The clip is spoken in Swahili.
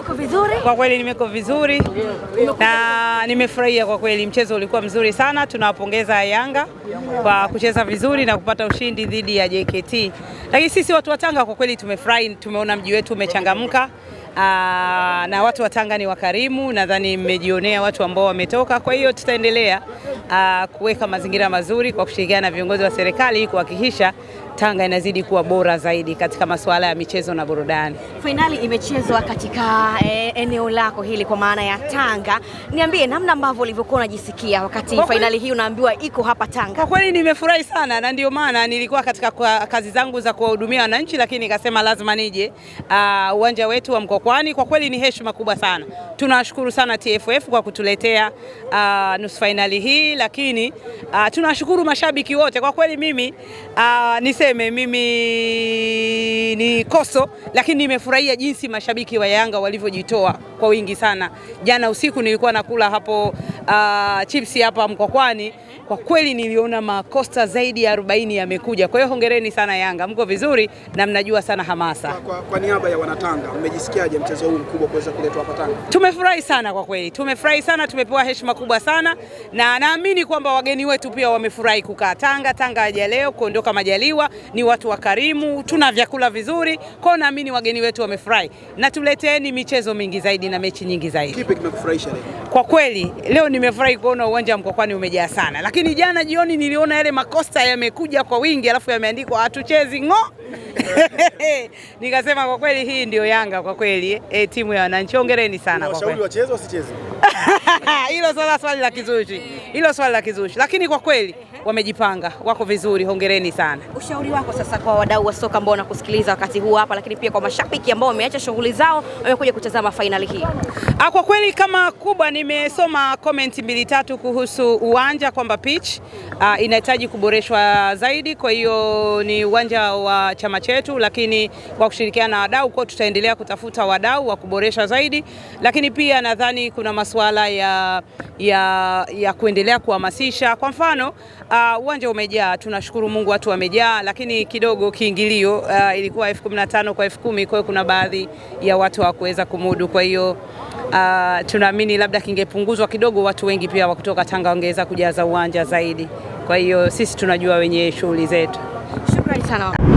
Uko vizuri? Kwa kweli nimeko vizuri na nimefurahia kwa kweli, mchezo ulikuwa mzuri sana. Tunawapongeza Yanga kwa kucheza vizuri na kupata ushindi dhidi ya JKT, lakini sisi watu wa Tanga kwa kweli tumefurahi, tumeona mji wetu umechangamka Aa, ah, na watu wa Tanga ni wakarimu, nadhani mmejionea watu ambao wametoka. Kwa hiyo tutaendelea ah, kuweka mazingira mazuri kwa kushirikiana na viongozi wa serikali kuhakikisha Tanga inazidi kuwa bora zaidi katika masuala ya michezo na burudani. Fainali imechezwa katika e, eneo lako hili kwa maana ya Tanga. Niambie namna ambavyo ulivyokuwa unajisikia wakati fainali hii unaambiwa iko hapa Tanga. Kwa kweli nimefurahi sana na ndio maana nilikuwa katika kazi zangu za kuwahudumia wananchi, lakini nikasema lazima nije ah, uwanja wetu wa Mkwakwani kwani kwa kweli ni heshima kubwa sana. Tunawashukuru sana TFF kwa kutuletea uh, nusu fainali hii, lakini uh, tunawashukuru mashabiki wote kwa kweli. Mimi uh, niseme mimi ni koso, lakini nimefurahia jinsi mashabiki wa Yanga walivyojitoa kwa wingi sana. Jana usiku nilikuwa nakula hapo uh, chips hapa Mkwakwani kwa kweli niliona makosta zaidi ya 40 yamekuja. Kwa hiyo hongereni sana Yanga, mko vizuri na mnajua sana hamasa. Kwa, kwa, kwa niaba ya Wanatanga, mmejisikiaje mchezo huu mkubwa kuweza kuletwa hapa Tanga? Tumefurahi sana kwa kweli, tumefurahi sana, tumepewa heshima kubwa sana na naamini kwamba wageni wetu pia wamefurahi kukaa Tanga. Tanga haja leo kuondoka majaliwa, ni watu wakarimu, tuna vyakula vizuri, kwa hiyo naamini wageni wetu wamefurahi, na tuleteeni michezo mingi zaidi na mechi nyingi zaidi. Kipi kimekufurahisha leo? Kwa kweli leo nimefurahi kuona uwanja wa Mkwakwani umejaa sana, lakini jana jioni niliona yale makosta yamekuja kwa wingi, alafu yameandikwa hatuchezi ng'o. Nikasema kwa kweli hii ndio Yanga kwa kweli e, timu ya wananchi. Hongereni sana kwa kweli. Washauri wacheze wasicheze? Hilo sasa swali la kizushi hilo swali la kizushi, lakini kwa kweli wamejipanga, wako vizuri, hongereni sana. Ushauri wako sasa kwa wadau wa soka ambao wanakusikiliza wakati huu hapa, lakini pia kwa mashabiki ambao wameacha shughuli zao wamekuja kutazama fainali hii? Ah, kwa kweli kama kubwa, nimesoma comment mbili tatu kuhusu uwanja kwamba pitch uh, inahitaji kuboreshwa zaidi. Kwa hiyo ni uwanja wa chama chetu, lakini kwa kushirikiana na wadau kwa tutaendelea kutafuta wadau wa kuboresha zaidi, lakini pia nadhani kuna masuala ya, ya, ya tunaendelea kuhamasisha. Kwa mfano uh, uwanja uh, umejaa, tunashukuru Mungu watu wamejaa, lakini kidogo kiingilio uh, ilikuwa elfu kumi na tano kwa elfu kumi kwa hiyo kuna baadhi ya watu hawakuweza kumudu, kwa hiyo uh, tunaamini labda kingepunguzwa kidogo, watu wengi pia wa kutoka Tanga wangeweza kujaza uwanja zaidi. Kwa hiyo sisi tunajua wenye shughuli zetu. Shukrani sana.